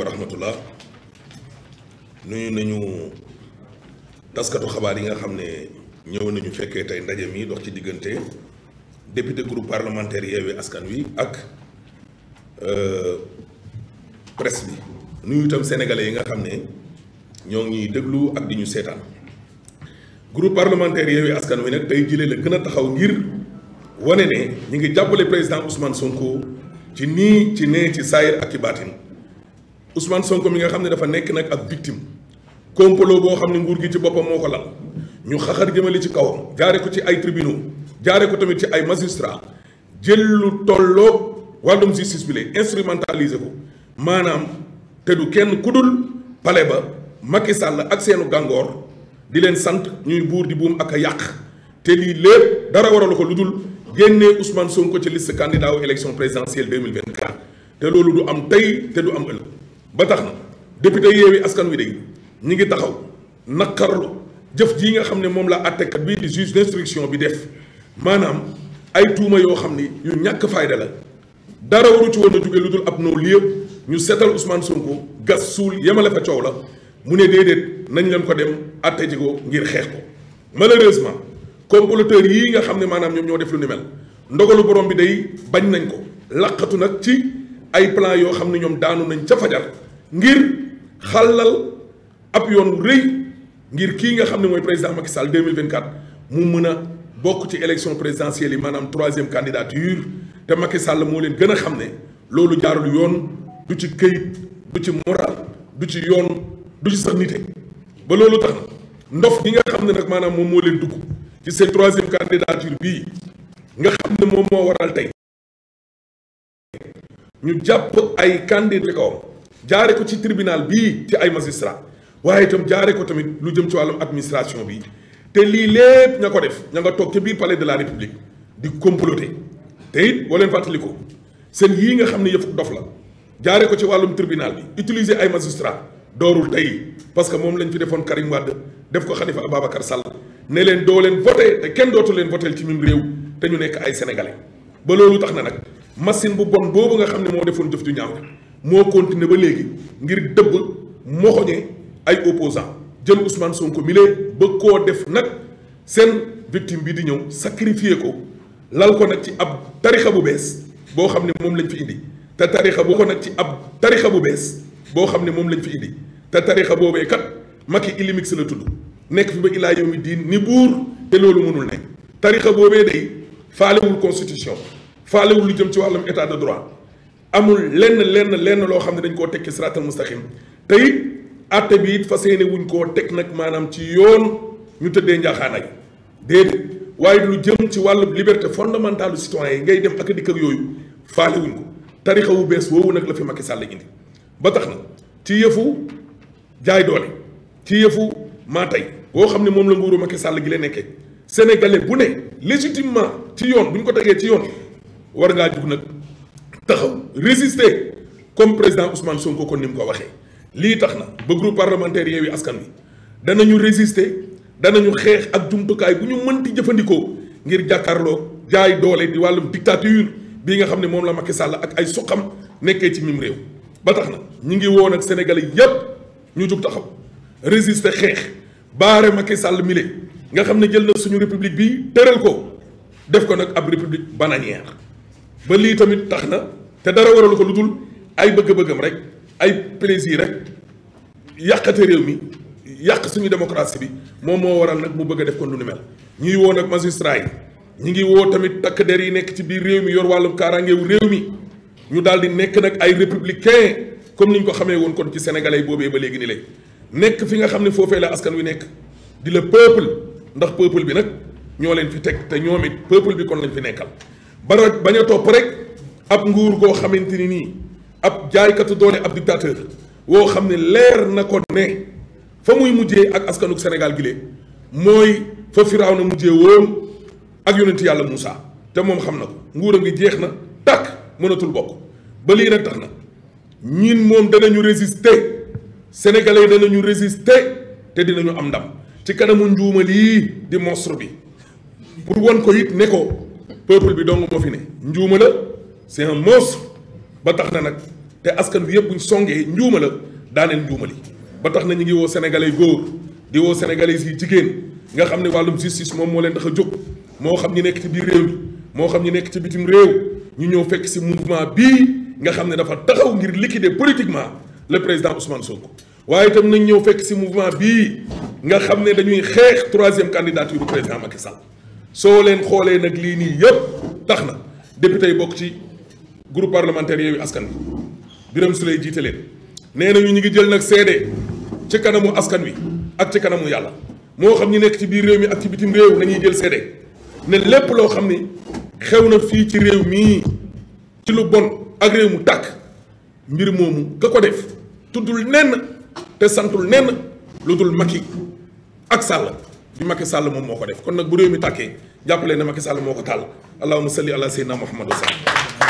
wa rahmatullah nuyu nañu taskatu xabaar yi nga xam ne ñëw nañu fekkee tey ndaje mi dox ci diggante député groupe parlementaire Yewwi Askan Wi ak euh, presse bi nuyu itam sénégalais yi nga xam ne ñoo ngi déglu ak di ñu seetaan groupe parlementaire Yewwi Askan Wi nag tey jilee la gën a taxaw ngir wane ne ñu ngi jàppale président Ousmane Sonko ci nii ci nee ci saayir ak ci baatin Ousmane Sonko mi nga xam ne dafa nekk nag ak victime complot boo xam ne nguur gi ci boppam moo ko la ñu xaxar jëmale ci kawam jaare ko ci ay tribunaux jaare ko tamit ci ay magistrats jël lu tolloo wàllum justice bi lay instrumentaliser ko maanaam te du kenn ku dul pale ba Macky Sall ak seenu gàngoor di leen sant ñuy buur di buum ak a yàq te lii lépp dara waralu ko lu dul génnee Ousmane Sonko ci liste candidat wu élection présidentielle 2024 te loolu du am tey te du am ëllëg ba tax na député Yewwi Askan Wi de ñi ngi taxaw naqarlu jëf ji nga xam ne moom la àttekat bi di juge d'instruction bi def maanaam ay tuuma yoo xam ni yu ñàkk fayda la dara waru ci woon a jóge lu dul ab noo li yëpp ñu seetal Ousmane Sonko gas suul la fa coow la mu ne déedéet nañ leen ko dem àtte ji ngir xeex ko malheureusement comploteur yii nga xam ne maanaam ñoom ñoo def lu ni mel ndogalu borom bi day bañ nañ ko laqatu nag ci ay plan yoo xam ne ñoom daanu nañ ca fajar ngir xàllal ab yoon bu rëy ngir kii nga xam ne mooy président Macky Sall 2024 mu mën a bokk ci élection présidentielle yi maanaam troisième candidature te Macky Sall moo leen gën a xam ne loolu jaarul yoon du ci këyit du ci moral du ci yoon du ba loolu tax ndof ñi nga xam ne nag maanaam moom moo leen dugg ci seen troisième candidature bii nga xam ne moom moo waral tey ñu jàpp ay candidat kawam jaare ko ci tribunal bii ci ay magistrat waaye itam jaare ko tamit lu jëm ci wàllum administration bi te lii lépp ña ko def ña nga toog ca biir palais de la république di comploter te it boo leen fàttali ko seen yii nga xam ne yëf dof la jaare ko ci wàllum tribunal bi utiliser ay magistrat doorul tey parce que moom lañu fi defoon Karim Wade def ko Khalifa Ababacar Sall ne leen doo leen voté te kenn dootu leen voté ci mim réew te ñu nekk ay sénégalais ba loolu tax na nag machine bu bon boobu nga xam ne moo defoon jëf ju ñaaw moo continué ba léegi ngir dëbb moxoñe ay opposants jël Ousmane Sonko mi lee ba koo def nag seen victime bi di ñëw sacrifier ko lal ko nag ci ab tarixa bu bees boo xam ne moom lañ fi indi te tarixa bu ko nag ci ab tarixa bu bees boo xam ne moom lañ fi indi te tarixa boobee kat Macky Illimix la tudd nekk fi ba ilaa yow mi diin ni buur te loolu mënul nekk tarixa boobee day faalewul constitution faalewul lu jëm ci wàllum état de droit amul lenn lenn lenn loo xam ne dañ koo teg ci siraatal mustaqim tey it àtte bi it fas yéene wuñ koo teg nag maanaam ci yoon ñu tëddee njaaxaanaay déedéet waaye lu jëm ci wàllu liberté fondamentale citoyen yi ngay dem ak di kër yooyu faale wuñ ko tarixa wu bees woowu nag la fi Macky Sall indi ba tax na ci yëfu jaay doole ci yëfu maa tey boo xam ne moom la nguuru Macky sàll gi la nekkee sénégalais bu ne légitimement ci yoon bu ko tegee ci yoon war ngaa jug nag taxaw résister comme président Ousmane Sonko kon ni mu ko waxee lii tax na ba groupe parlementaire Yewwi Askan Wi danañu résister danañu xeex ak jumtukaay bu ñu mënti jëfandikoo ngir jàkkaarloo jaay doole di wàllum dictature bii nga xam ne moom la Macky sàll ak ay suqam nekkee ci mim réew ba tax na ñu ngi woon ak sénégalais yépp ñu jug taxaw résister xeex baare ma ki sàll mile nga xam ne jël na suñu république bi tëral ko def ko nag ab république bananière ba lii tamit tax na te dara waralu ko lu dul ay bëgg-bëggam rek ay plaisir rek yàqate réew mi yàq suñu démocratie bi moom moo waral nag mu bëgg a def kon lu ni mel ñuy woo nag magistrat yi ñi ngi woo tamit takk der yi nekk ci biir réew mi yor wàllum kaaraangeewu réew mi ñu daal di nekk nag ay républicain comme ni ñu ko xamee woon kon ci sénégalais boobee ba léegi ni lay nekk fi nga xam ne foofee la askan wi nekk di la peuple ndax peuple bi nag ñoo leen fi teg te ñoom it peuple bi kon fi nekkal bara bañ a topp rek ab nguur goo xamante ni nii ab jaaykatu doole ab dictateur woo xam ne leer na ko ne fa muy mujjee ak askanuk Sénégal gile mooy fa firaaw na mujjee woon ak yonent yàlla Moussa te moom xam na ko a ngi jeex na tàkk mënatul bokk ba lii nag tax na ñin moom dana danañu résister sénégalais danañu résister te dinañu am ndam ci kanamu njuuma lii di monstre bi pour won ko it ne ko peuple bi dong moo fi ne njuuma la c'est un monstre ba tax na nag te askan wi yëpp buñ songee njuuma la daaneel njuuma li ba tax na ñu ngi woo sénégalais góor di woo sénégalais yi jigéen nga xam ne wàllum justice moom moo leen tax a jóg moo xam ñu nekk ci biir réew mi moo xam ñu nekk ci bitim réew ñu ñëw fekk si mouvement bii nga xam ne dafa taxaw ngir liquider politiquement le président Ousmane Sonko waaye itam nañ ñëw fekk si mouvement bii nga xam ne dañuy xeex troisième candidature du président Macky Sall soo leen xoolee nag lii nii yëpp tax na député yi bokk ci groupe parlementaire Yewwi Askan Wi si lay jiite leen nee nañu ñu ngi jël nag seede ci kanamu askan wi ak ci kanamu yàlla moo xam ñi nekk ci biir réew mi ak ci bitim réew nañuy jël seede ne lépp loo xam ni xew na fii ci réew mii ci lu bon ak réew mu tàkk mbir moomu nga ko def tuddul nenn te santul nenn lu dul Macky ak Sall bi Macky Sall moom moo ko def kon nag bu réew mi tàkkee jàppalee ne Macky Sall moo ko taal allahumma salli ala sayyidina Muhammad wa sallam